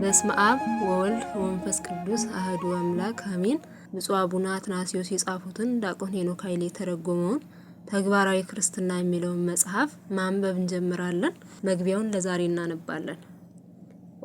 በስመ አብ ወወልድ ወመንፈስ ቅዱስ አህዱ አምላክ አሚን። ብፁዕ አቡነ አትናሲዮስ የጻፉትን ዲያቆን ሄኖክ ኃይሌ የተረጎመውን ተግባራዊ ክርስትና የሚለውን መጽሐፍ ማንበብ እንጀምራለን። መግቢያውን ለዛሬ እናነባለን።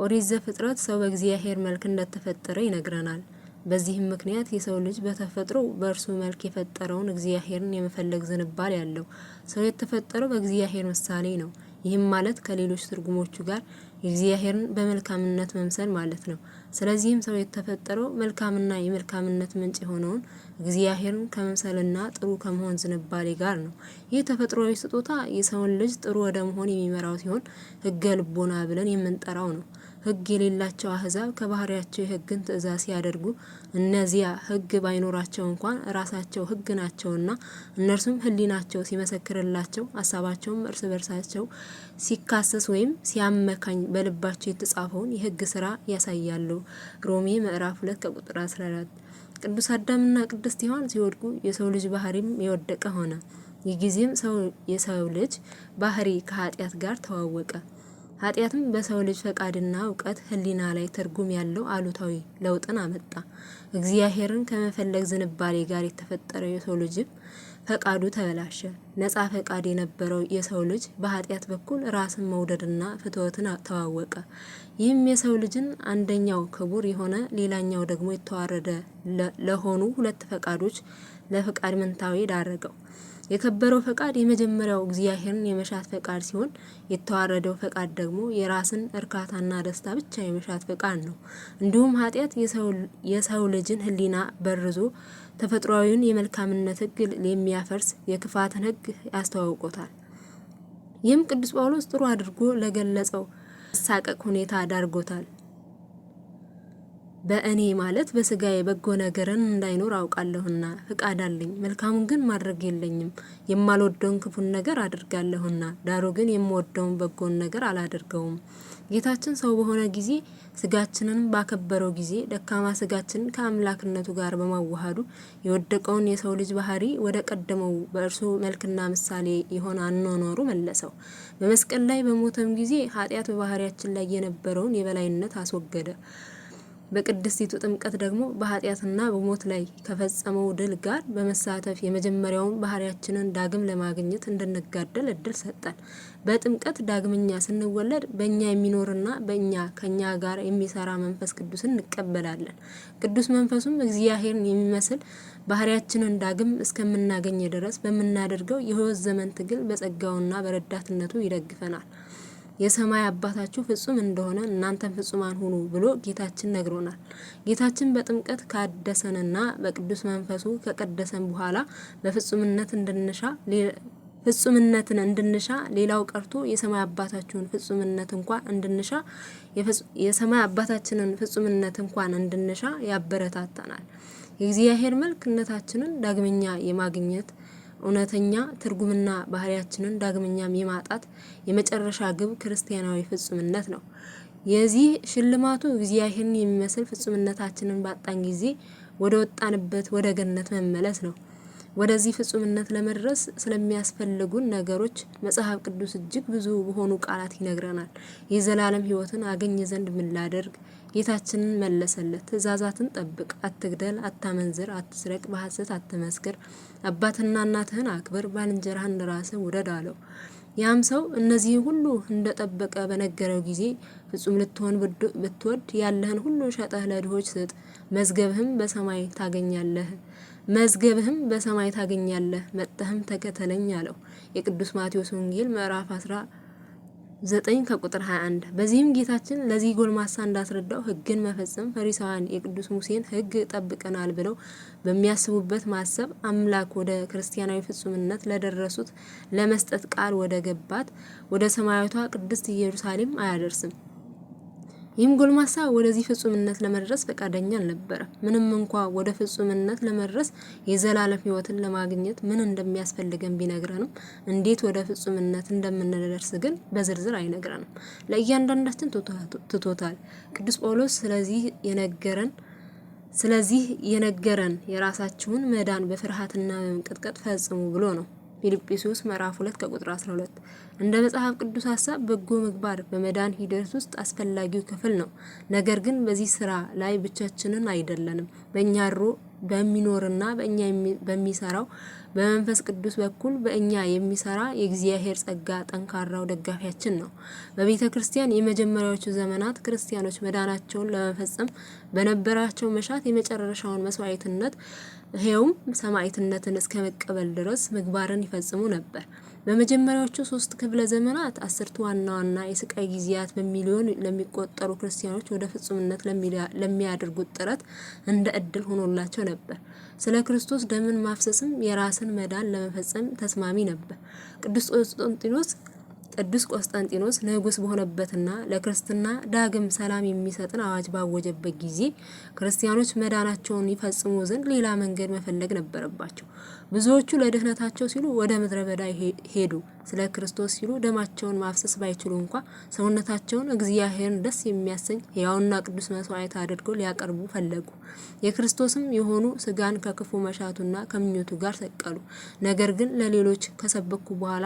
ኦሪት ዘፍጥረት ሰው በእግዚአብሔር መልክ እንደተፈጠረ ይነግረናል። በዚህም ምክንያት የሰው ልጅ በተፈጥሮ በእርሱ መልክ የፈጠረውን እግዚአብሔርን የመፈለግ ዝንባል ያለው ሰው የተፈጠረው በእግዚአብሔር ምሳሌ ነው። ይህም ማለት ከሌሎች ትርጉሞቹ ጋር እግዚአብሔርን በመልካምነት መምሰል ማለት ነው። ስለዚህም ሰው የተፈጠረው መልካምና የመልካምነት ምንጭ የሆነውን እግዚአብሔርን ከመምሰልና ጥሩ ከመሆን ዝንባሌ ጋር ነው። ይህ ተፈጥሯዊ ስጦታ የሰውን ልጅ ጥሩ ወደ መሆን የሚመራው ሲሆን ህገ ልቦና ብለን የምንጠራው ነው። ህግ የሌላቸው አህዛብ ከባህሪያቸው የህግን ትእዛዝ ሲያደርጉ እነዚያ ህግ ባይኖራቸው እንኳን ራሳቸው ህግ ናቸውና እነርሱም ህሊናቸው ሲመሰክርላቸው ሀሳባቸውም እርስ በርሳቸው ሲካሰስ ወይም ሲያመካኝ በልባቸው የተጻፈውን የህግ ስራ ያሳያሉ። ሮሜ ምዕራፍ ሁለት ከቁጥር አስራ አራት ቅዱስ አዳምና ቅድስት ሔዋን ሲወድቁ የሰው ልጅ ባህሪም የወደቀ ሆነ። የጊዜም ሰው የሰው ልጅ ባህሪ ከኃጢአት ጋር ተዋወቀ። ኃጢአትም በሰው ልጅ ፈቃድና እውቀት ህሊና ላይ ትርጉም ያለው አሉታዊ ለውጥን አመጣ። እግዚአብሔርን ከመፈለግ ዝንባሌ ጋር የተፈጠረው የሰው ልጅም ፈቃዱ ተበላሸ። ነጻ ፈቃድ የነበረው የሰው ልጅ በኃጢአት በኩል ራስን መውደድና ፍትወትን ተዋወቀ። ይህም የሰው ልጅን አንደኛው ክቡር የሆነ ሌላኛው ደግሞ የተዋረደ ለሆኑ ሁለት ፈቃዶች ለፈቃድ መንታዊ ዳረገው። የከበረው ፈቃድ የመጀመሪያው እግዚአብሔርን የመሻት ፈቃድ ሲሆን የተዋረደው ፈቃድ ደግሞ የራስን እርካታና ደስታ ብቻ የመሻት ፈቃድ ነው። እንዲሁም ኃጢአት የሰው ልጅን ሕሊና በርዞ ተፈጥሯዊውን የመልካምነት ሕግ የሚያፈርስ የክፋትን ሕግ ያስተዋውቆታል። ይህም ቅዱስ ጳውሎስ ጥሩ አድርጎ ለገለጸው መሳቀቅ ሁኔታ ዳርጎታል። በእኔ ማለት በስጋ በጎ ነገርን እንዳይኖር አውቃለሁና ፍቃድ አለኝ፣ መልካሙን ግን ማድረግ የለኝም። የማልወደውን ክፉን ነገር አድርጋለሁና፣ ዳሩ ግን የምወደውን በጎን ነገር አላደርገውም። ጌታችን ሰው በሆነ ጊዜ ስጋችንን ባከበረው ጊዜ ደካማ ስጋችንን ከአምላክነቱ ጋር በማዋሃዱ የወደቀውን የሰው ልጅ ባህሪ ወደ ቀደመው በእርሱ መልክና ምሳሌ የሆነ አኗኗሩ መለሰው። በመስቀል ላይ በሞተም ጊዜ ኃጢአት በባህሪያችን ላይ የነበረውን የበላይነት አስወገደ። በቅድስቲቱ ጥምቀት ደግሞ በኃጢአትና በሞት ላይ ከፈጸመው ድል ጋር በመሳተፍ የመጀመሪያውን ባህሪያችንን ዳግም ለማግኘት እንድንጋደል እድል ሰጠን። በጥምቀት ዳግመኛ ስንወለድ በእኛ የሚኖርና በእኛ ከእኛ ጋር የሚሰራ መንፈስ ቅዱስን እንቀበላለን። ቅዱስ መንፈሱም እግዚአብሔርን የሚመስል ባህሪያችንን ዳግም እስከምናገኝ ድረስ በምናደርገው የህይወት ዘመን ትግል በጸጋውና በረዳትነቱ ይደግፈናል። የሰማይ አባታችሁ ፍጹም እንደሆነ እናንተም ፍጹማን ሁኑ ብሎ ጌታችን ነግሮናል። ጌታችን በጥምቀት ካደሰንና በቅዱስ መንፈሱ ከቀደሰን በኋላ በፍጹምነት እንድንሻ ፍጹምነትን እንድንሻ ሌላው ቀርቶ የሰማይ አባታችሁን ፍጹምነት እንኳን እንድንሻ የሰማይ አባታችንን ፍጹምነት እንኳን እንድንሻ ያበረታታናል። የእግዚአብሔር መልክነታችንን ዳግመኛ የማግኘት እውነተኛ ትርጉምና ባህሪያችንን ዳግመኛም የማጣት የመጨረሻ ግብ ክርስቲያናዊ ፍጹምነት ነው። የዚህ ሽልማቱ እግዚአብሔርን የሚመስል ፍጹምነታችንን ባጣን ጊዜ ወደ ወጣንበት ወደ ገነት መመለስ ነው። ወደዚህ ፍጹምነት ለመድረስ ስለሚያስፈልጉን ነገሮች መጽሐፍ ቅዱስ እጅግ ብዙ በሆኑ ቃላት ይነግረናል። የዘላለም ሕይወትን አገኝ ዘንድ ምን ላደርግ ጌታችንን መለሰለት፣ ትእዛዛትን ጠብቅ፣ አትግደል፣ አታመንዝር፣ አትስረቅ፣ በሐሰት አትመስክር፣ አባትና እናትህን አክብር፣ ባልንጀራህን ራስህ ውደድ አለው። ያም ሰው እነዚህ ሁሉ እንደጠበቀ በነገረው ጊዜ ፍጹም ልትሆን ብትወድ ያለህን ሁሉ ሸጠህ ለድሆች ስጥ፣ መዝገብህም በሰማይ ታገኛለህ መዝገብህም በሰማይ ታገኛለህ፣ መጥተህም ተከተለኝ አለው። የቅዱስ ማቴዎስ ወንጌል ምዕራፍ ስራ። ዘጠኝ ከቁጥር 21 በዚህም ጌታችን ለዚህ ጎልማሳ እንዳስረዳው ህግን መፈጸም ፈሪሳውያን የቅዱስ ሙሴን ህግ ጠብቀናል ብለው በሚያስቡበት ማሰብ አምላክ ወደ ክርስቲያናዊ ፍጹምነት ለደረሱት ለመስጠት ቃል ወደ ገባት ወደ ሰማያዊቷ ቅድስት ኢየሩሳሌም አያደርስም። ይህም ጎልማሳ ወደዚህ ፍጹምነት ለመድረስ ፈቃደኛ አልነበረ። ምንም እንኳ ወደ ፍጹምነት ለመድረስ የዘላለም ሕይወትን ለማግኘት ምን እንደሚያስፈልገን ቢነግረንም እንዴት ወደ ፍጹምነት እንደምንደርስ ግን በዝርዝር አይነግረንም። ለእያንዳንዳችን ትቶታል። ቅዱስ ጳውሎስ ስለዚህ የነገረን ስለዚህ የነገረን የራሳችሁን መዳን በፍርሃትና በመንቀጥቀጥ ፈጽሙ ብሎ ነው። ፊልጵስዩስ ምዕራፍ 2 ከቁጥር 12 እንደ መጽሐፍ ቅዱስ ሀሳብ በጎ ምግባር በመዳን ሂደት ውስጥ አስፈላጊው ክፍል ነው። ነገር ግን በዚህ ስራ ላይ ብቻችንን አይደለንም። በእኛ ድሮ በሚኖርና በእኛ በሚሰራው በመንፈስ ቅዱስ በኩል በእኛ የሚሰራ የእግዚአብሔር ጸጋ ጠንካራው ደጋፊያችን ነው። በቤተ ክርስቲያን የመጀመሪያዎቹ ዘመናት ክርስቲያኖች መዳናቸውን ለመፈጸም በነበራቸው መሻት የመጨረሻውን መስዋዕትነት ይሄውም ሰማዕትነትን እስከ መቀበል ድረስ ምግባርን ይፈጽሙ ነበር። በመጀመሪያዎቹ ሶስት ክፍለ ዘመናት አስርቱ ዋና ዋና የስቃይ ጊዜያት በሚሊዮን ለሚቆጠሩ ክርስቲያኖች ወደ ፍጹምነት ለሚያደርጉት ጥረት እንደ እድል ሆኖላቸው ነበር። ስለ ክርስቶስ ደምን ማፍሰስም የራስን መዳን ለመፈጸም ተስማሚ ነበር። ቅዱስ ቆስጠንጢኖስ ቅዱስ ቆስጠንጢኖስ ንጉስ በሆነበትና ለክርስትና ዳግም ሰላም የሚሰጥን አዋጅ ባወጀበት ጊዜ ክርስቲያኖች መዳናቸውን ይፈጽሙ ዘንድ ሌላ መንገድ መፈለግ ነበረባቸው። ብዙዎቹ ለድህነታቸው ሲሉ ወደ ምድረ በዳ ሄዱ። ስለ ክርስቶስ ሲሉ ደማቸውን ማፍሰስ ባይችሉ እንኳ ሰውነታቸውን እግዚአብሔርን ደስ የሚያሰኝ ሕያውና ቅዱስ መስዋዕት አድርገው ሊያቀርቡ ፈለጉ። የክርስቶስም የሆኑ ስጋን ከክፉ መሻቱና ከምኞቱ ጋር ሰቀሉ። ነገር ግን ለሌሎች ከሰበኩ በኋላ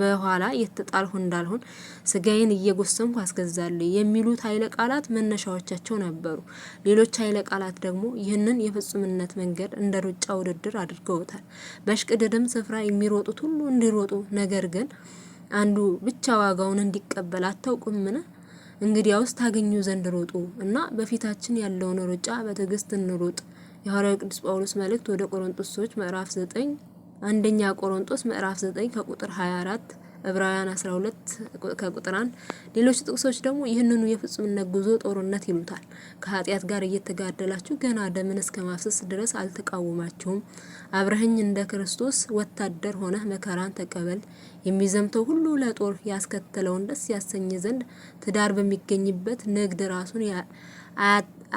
በኋላ የተጣልሁ እንዳልሆን ስጋዬን እየጎሰምኩ አስገዛለሁ የሚሉት ኃይለ ቃላት መነሻዎቻቸው ነበሩ። ሌሎች ኃይለ ቃላት ደግሞ ይህንን የፍጹምነት መንገድ እንደ ሩጫ ውድድር አድርገውታል። በሽቅድድም ስፍራ የሚሮጡት ሁሉ እንዲሮጡ፣ ነገር ግን አንዱ ብቻ ዋጋውን እንዲቀበል አታውቁምን? እንግዲያውስ ታገኙ ዘንድ ሮጡ እና በፊታችን ያለውን ሩጫ በትዕግስት እንሩጥ። የሐዋርያው ቅዱስ ጳውሎስ መልእክት ወደ ቆሮንቶስ ሰዎች ምዕራፍ 9 አንደኛ ቆሮንጦስ ምዕራፍ 9 ከቁጥር 24 ዕብራውያን 12 ከቁጥር 1 ሌሎች ጥቅሶች ደግሞ ይህንኑ የፍጹምነት ጉዞ ጦርነት ይሉታል። ከኃጢአት ጋር እየተጋደላችሁ ገና ደምን እስከ ማፍሰስ ድረስ አልተቃወማችሁም። አብረህኝ እንደ ክርስቶስ ወታደር ሆነህ መከራን ተቀበል። የሚዘምተው ሁሉ ለጦር ያስከተለውን ደስ ያሰኝ ዘንድ ትዳር በሚገኝበት ንግድ ራሱን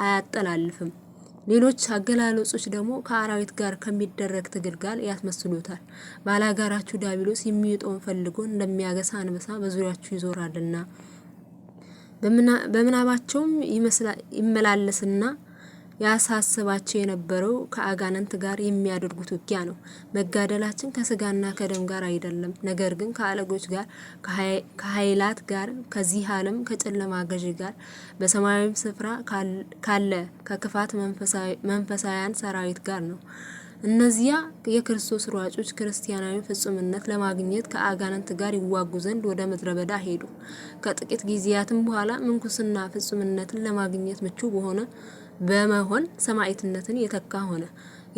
አያጠላልፍም። ሌሎች አገላለጾች ደግሞ ከአራዊት ጋር ከሚደረግ ትግል ጋር ያስመስሉታል። ባላጋራችሁ ዳቢሎስ የሚውጠውን ፈልጎ እንደሚያገሳ አንበሳ በዙሪያችሁ ይዞራልና። በምናባቸውም ይመላለስና ያሳስባቸው የነበረው ከአጋንንት ጋር የሚያደርጉት ውጊያ ነው። መጋደላችን ከስጋና ከደም ጋር አይደለም፣ ነገር ግን ከአለቆች ጋር፣ ከኃይላት ጋር፣ ከዚህ ዓለም ከጨለማ ገዢ ጋር፣ በሰማያዊ ስፍራ ካለ ከክፋት መንፈሳውያን ሰራዊት ጋር ነው። እነዚያ የክርስቶስ ሯጮች ክርስቲያናዊ ፍጹምነት ለማግኘት ከአጋንንት ጋር ይዋጉ ዘንድ ወደ ምድረ በዳ ሄዱ። ከጥቂት ጊዜያትም በኋላ ምንኩስና ፍጹምነትን ለማግኘት ምቹ በሆነ በመሆን ሰማዕትነትን የተካ ሆነ።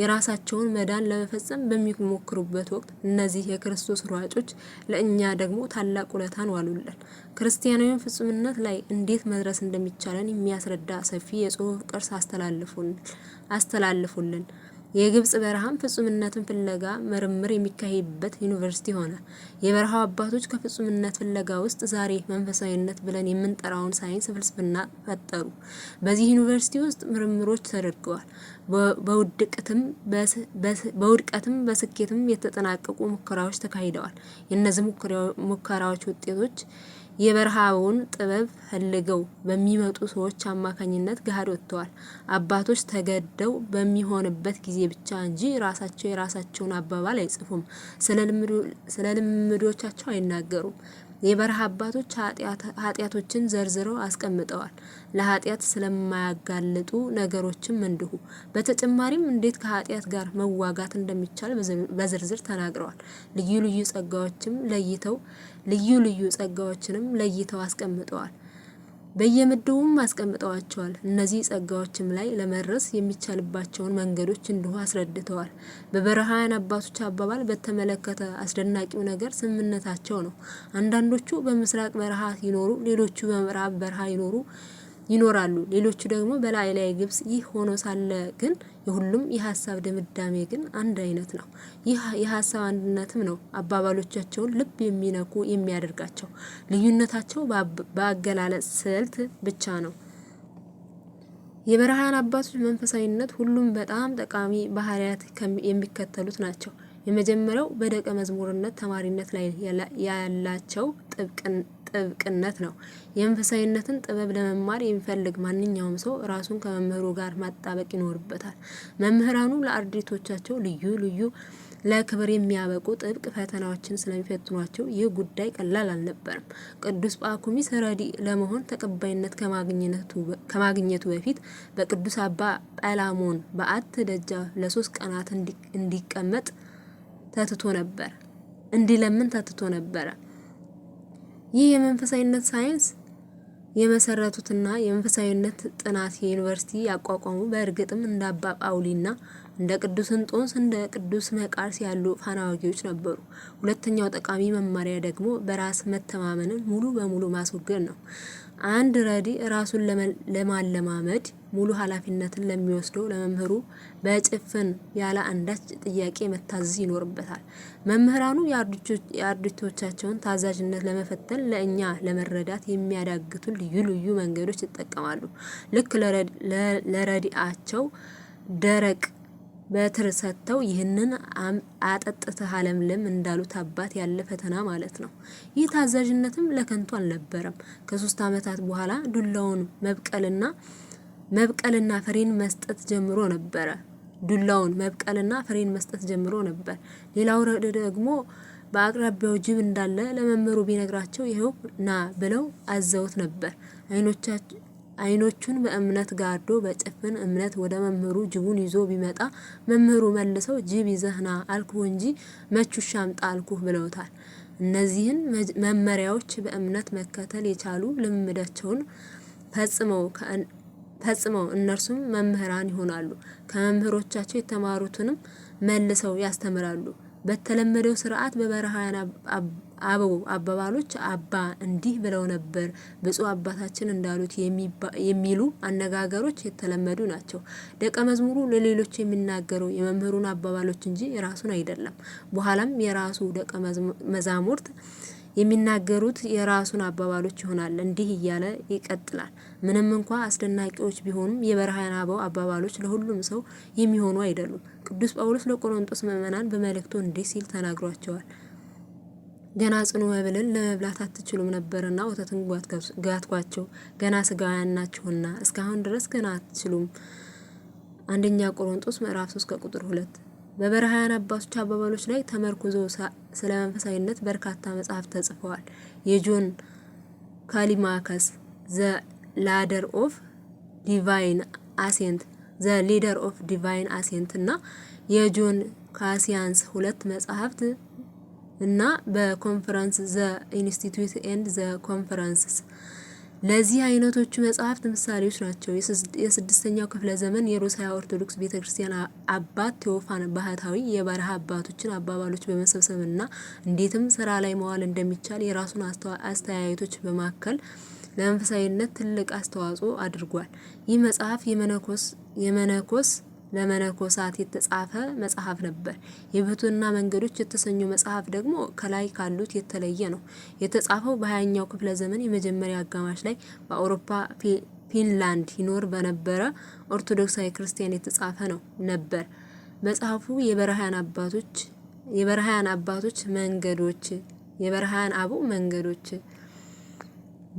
የራሳቸውን መዳን ለመፈጸም በሚሞክሩበት ወቅት እነዚህ የክርስቶስ ሯጮች ለእኛ ደግሞ ታላቅ ውለታን ዋሉልን። ክርስቲያናዊ ፍጹምነት ላይ እንዴት መድረስ እንደሚቻለን የሚያስረዳ ሰፊ የጽሑፍ ቅርስ አስተላልፉልን። የግብጽ በረሃም ፍጹምነትን ፍለጋ ምርምር የሚካሄድበት ዩኒቨርሲቲ ሆነ። የበረሃው አባቶች ከፍጹምነት ፍለጋ ውስጥ ዛሬ መንፈሳዊነት ብለን የምንጠራውን ሳይንስ ፍልስፍና ፈጠሩ። በዚህ ዩኒቨርሲቲ ውስጥ ምርምሮች ተደርገዋል። በውድቀትም በስኬትም የተጠናቀቁ ሙከራዎች ተካሂደዋል። የእነዚህ ሙከራዎች ውጤቶች የበረሃውን ጥበብ ፈልገው በሚመጡ ሰዎች አማካኝነት ገሃድ ወጥተዋል። አባቶች ተገደው በሚሆንበት ጊዜ ብቻ እንጂ ራሳቸው የራሳቸውን አባባል አይጽፉም፣ ስለ ልምዶቻቸው አይናገሩም። የበረሃ አባቶች ኃጢአቶችን ዘርዝረው አስቀምጠዋል። ለኃጢአት ስለማያጋልጡ ነገሮችም እንዲሁ። በተጨማሪም እንዴት ከኃጢአት ጋር መዋጋት እንደሚቻል በዝርዝር ተናግረዋል። ልዩ ልዩ ጸጋዎችም ለይተው ልዩ ልዩ ጸጋዎችንም ለይተው አስቀምጠዋል። በየምድቡም አስቀምጠዋቸዋል። እነዚህ ጸጋዎችም ላይ ለመድረስ የሚቻልባቸውን መንገዶች እንዲሁ አስረድተዋል። በበረሃውያን አባቶች አባባል በተመለከተ አስደናቂው ነገር ስምምነታቸው ነው። አንዳንዶቹ በምስራቅ በረሃ ይኖሩ፣ ሌሎቹ በምዕራብ በረሃ ይኖሩ ይኖራሉ። ሌሎቹ ደግሞ በላይ ላይ ግብጽ ይህ ሆኖ ሳለ ግን የሁሉም የሀሳብ ድምዳሜ ግን አንድ አይነት ነው። ይህ የሀሳብ አንድነትም ነው አባባሎቻቸውን ልብ የሚነኩ የሚያደርጋቸው። ልዩነታቸው በአገላለጽ ስልት ብቻ ነው። የበረሃን አባቶች መንፈሳዊነት ሁሉም በጣም ጠቃሚ ባህሪያት የሚከተሉት ናቸው። የመጀመሪያው በደቀ መዝሙርነት ተማሪነት ላይ ያላቸው ጥብቅን ጥብቅነት ነው። የመንፈሳዊነትን ጥበብ ለመማር የሚፈልግ ማንኛውም ሰው ራሱን ከመምህሩ ጋር ማጣበቅ ይኖርበታል። መምህራኑ ለአርድእቶቻቸው ልዩ ልዩ ለክብር የሚያበቁ ጥብቅ ፈተናዎችን ስለሚፈትኗቸው ይህ ጉዳይ ቀላል አልነበረም። ቅዱስ ጳኩሚስ ረዲ ለመሆን ተቀባይነት ከማግኘቱ በፊት በቅዱስ አባ ጳላሞን በአት ደጃ ለሶስት ቀናት እንዲቀመጥ ተትቶ ነበር እንዲለምን ተትቶ ነበረ። ይህ የመንፈሳዊነት ሳይንስ የመሰረቱትና የመንፈሳዊነት ጥናት የዩኒቨርሲቲ ያቋቋሙ በእርግጥም እንደ አባ ጳውሊና እንደ ቅዱስ እንጦንስ እንደ ቅዱስ መቃርስ ያሉ ፋናዋጊዎች ነበሩ። ሁለተኛው ጠቃሚ መማሪያ ደግሞ በራስ መተማመንን ሙሉ በሙሉ ማስወገድ ነው። አንድ ረዲ ራሱን ለማለማመድ ሙሉ ኃላፊነትን ለሚወስደው ለመምህሩ በጭፍን ያለ አንዳች ጥያቄ መታዘዝ ይኖርበታል። መምህራኑ የአርድእቶቻቸውን ታዛዥነት ለመፈተን ለእኛ ለመረዳት የሚያዳግቱ ልዩ ልዩ መንገዶች ይጠቀማሉ። ልክ ለረዲአቸው ደረቅ በትር ሰጥተው ይህንን አጠጥተህ አለምልም እንዳሉት አባት ያለ ፈተና ማለት ነው። ይህ ታዛዥነትም ለከንቱ አልነበረም። ከሶስት ዓመታት በኋላ ዱላውን መብቀልና መብቀልና ፍሬን መስጠት ጀምሮ ነበረ። ዱላውን መብቀልና ፍሬን መስጠት ጀምሮ ነበር። ሌላው ረድ ደግሞ በአቅራቢያው ጅብ እንዳለ ለመምህሩ ቢነግራቸው ይኸው ና ብለው አዘውት ነበር። አይኖቹን በእምነት ጋርዶ በጭፍን እምነት ወደ መምህሩ ጅቡን ይዞ ቢመጣ መምህሩ መልሰው ጅብ ይዘህና አልኩህ እንጂ መች አምጣ አልኩህ ብለውታል። እነዚህን መመሪያዎች በእምነት መከተል የቻሉ ልምምዳቸውን ፈጽመው እነርሱም መምህራን ይሆናሉ። ከመምህሮቻቸው የተማሩትንም መልሰው ያስተምራሉ። በተለመደው ስርዓት በበረሃውያን አበው አባባሎች አባ እንዲህ ብለው ነበር ብፁዕ አባታችን እንዳሉት የሚሉ አነጋገሮች የተለመዱ ናቸው። ደቀ መዝሙሩ ለሌሎች የሚናገረው የመምህሩን አባባሎች እንጂ የራሱን አይደለም። በኋላም የራሱ ደቀ መዛሙርት የሚናገሩት የራሱን አባባሎች ይሆናል። እንዲህ እያለ ይቀጥላል። ምንም እንኳ አስደናቂዎች ቢሆኑም የበረሃን አበው አባባሎች ለሁሉም ሰው የሚሆኑ አይደሉም። ቅዱስ ጳውሎስ ለቆሮንጦስ ምእመናን በመልእክቱ እንዲህ ሲል ተናግሯቸዋል። ገና ጽኑ መብልን ለመብላት አትችሉም ነበርና ወተትን ጋትኳቸው። ገና ስጋውያን ናችሁና እስካሁን ድረስ ገና አትችሉም። አንደኛ ቆሮንጦስ ምዕራፍ 3 ከቁጥር 2 በበረሃያን አባቶች አባባሎች ላይ ተመርኩዞ ስለ መንፈሳዊነት በርካታ መጽሐፍ ተጽፈዋል። የጆን ካሊማከስ ዘ ላደር ኦፍ ዲቫይን አሴንት ዘ ሊደር ኦፍ ዲቫይን አሴንት እና የጆን ካሲያንስ ሁለት መጽሐፍት እና በኮንፈረንስ ዘ ኢንስቲትዩት ኤንድ ዘ ኮንፈረንስስ ለዚህ አይነቶቹ መጽሐፍት ምሳሌዎች ናቸው። የስድስተኛው ክፍለ ዘመን የሩሲያ ኦርቶዶክስ ቤተ ክርስቲያን አባት ቴዎፋን ባህታዊ የበረሃ አባቶችን አባባሎች በመሰብሰብና እንዴትም ስራ ላይ መዋል እንደሚቻል የራሱን አስተያየቶች በማከል ለመንፈሳዊነት ትልቅ አስተዋጽኦ አድርጓል። ይህ መጽሐፍ የመነኮስ ለመነኮሳት የተጻፈ መጽሐፍ ነበር። የብሕትውና መንገዶች የተሰኘው መጽሐፍ ደግሞ ከላይ ካሉት የተለየ ነው። የተጻፈው በሀያኛው ክፍለ ዘመን የመጀመሪያ አጋማሽ ላይ በአውሮፓ ፊንላንድ ይኖር በነበረ ኦርቶዶክሳዊ ክርስቲያን የተጻፈ ነው ነበር። መጽሐፉ የበረሃያን አባቶች የበረሃያን አባቶች መንገዶች የበረሃያን አበው መንገዶች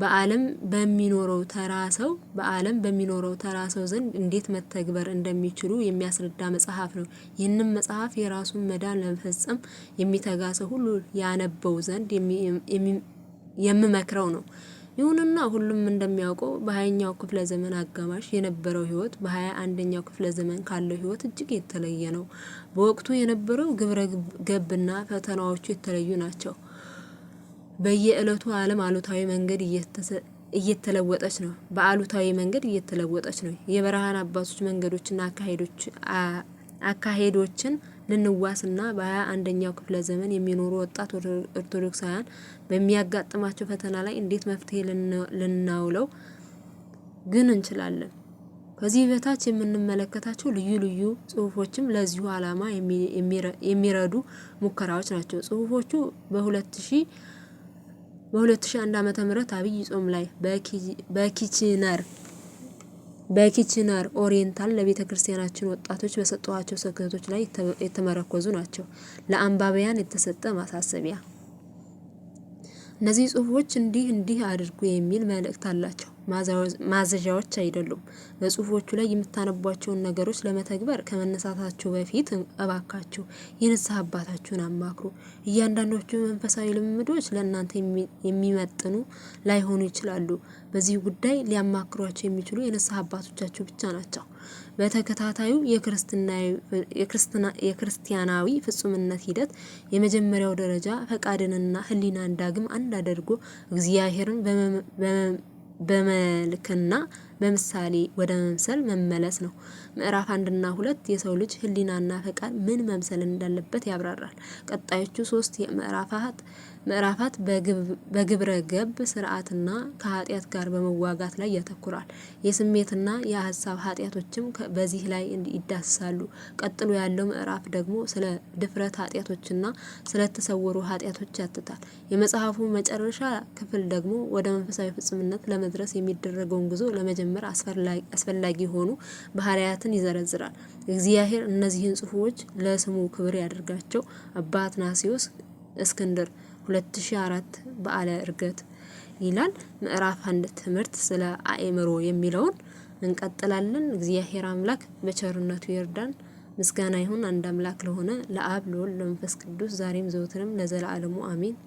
በዓለም በሚኖረው ተራ ሰው በዓለም በሚኖረው ተራ ሰው ዘንድ እንዴት መተግበር እንደሚችሉ የሚያስረዳ መጽሐፍ ነው። ይህንም መጽሐፍ የራሱን መዳን ለመፈጸም የሚተጋ ሰው ሁሉ ያነበው ዘንድ የምመክረው ነው። ይሁንና ሁሉም እንደሚያውቀው በሀኛው ክፍለ ዘመን አጋማሽ የነበረው ህይወት በሀያ አንደኛው ክፍለ ዘመን ካለው ህይወት እጅግ የተለየ ነው። በወቅቱ የነበረው ግብረ ገብና ፈተናዎቹ የተለዩ ናቸው። በየዕለቱ ዓለም አሉታዊ መንገድ እየተለወጠች ነው በአሉታዊ መንገድ እየተለወጠች ነው። የብርሃን አባቶች መንገዶችና አካሄዶችን ልንዋስና በሀያ አንደኛው ክፍለ ዘመን የሚኖሩ ወጣት ኦርቶዶክሳውያን በሚያጋጥማቸው ፈተና ላይ እንዴት መፍትሄ ልናውለው ግን እንችላለን። ከዚህ በታች የምንመለከታቸው ልዩ ልዩ ጽሁፎችም ለዚሁ ዓላማ የሚረዱ ሙከራዎች ናቸው። ጽሁፎቹ በሁለት ሺህ በ2001 ዓ.ም አብይ ጾም ላይ በኪችነር በኪችነር ኦሪየንታል ለቤተ ክርስቲያናችን ወጣቶች በሰጠኋቸው ስብከቶች ላይ የተመረኮዙ ናቸው። ለአንባቢያን የተሰጠ ማሳሰቢያ። እነዚህ ጽሁፎች እንዲህ እንዲህ አድርጉ የሚል መልእክት አላቸው። ማዘዣዎች አይደሉም። በጽሁፎቹ ላይ የምታነቧቸውን ነገሮች ለመተግበር ከመነሳታችሁ በፊት እባካችሁ የንስሐ አባታችሁን አማክሩ። እያንዳንዶቹ መንፈሳዊ ልምምዶች ለእናንተ የሚመጥኑ ላይሆኑ ይችላሉ። በዚህ ጉዳይ ሊያማክሯቸው የሚችሉ የንስሐ አባቶቻችሁ ብቻ ናቸው። በተከታታዩ የክርስቲያናዊ ፍጹምነት ሂደት የመጀመሪያው ደረጃ ፈቃድንና ሕሊናን ዳግም አንድ አድርጎ እግዚአብሔርን በመልክና በምሳሌ ወደ መምሰል መመለስ ነው። ምዕራፍ አንድና ሁለት የሰው ልጅ ህሊናና ፈቃድ ምን መምሰል እንዳለበት ያብራራል። ቀጣዮቹ ሶስት ምዕራፋት ምዕራፋት በግብረ ገብ ስርዓትና ከኃጢአት ጋር በመዋጋት ላይ ያተኩራል። የስሜትና የሀሳብ ኃጢአቶችም በዚህ ላይ ይዳስሳሉ። ቀጥሎ ያለው ምዕራፍ ደግሞ ስለ ድፍረት ኃጢአቶችና ስለተሰወሩ ኃጢአቶች ያትታል። የመጽሐፉ መጨረሻ ክፍል ደግሞ ወደ መንፈሳዊ ፍጹምነት ለመድረስ የሚደረገውን ጉዞ ለመጀመር አስፈላጊ የሆኑ ባህርያትን ይዘረዝራል። እግዚአብሔር እነዚህን ጽሁፎች ለስሙ ክብር ያደርጋቸው አባ አትናሲዮስ እስክንድር 2004 በዓለ እርገት ይላል። ምዕራፍ አንድ ትምህርት ስለ አእምሮ የሚለውን እንቀጥላለን። እግዚአብሔር አምላክ በቸርነቱ ይርዳን። ምስጋና ይሁን አንድ አምላክ ለሆነ ለአብ ለወልድ ለመንፈስ ቅዱስ ዛሬም ዘወትርም ለዘላለሙ አሚን።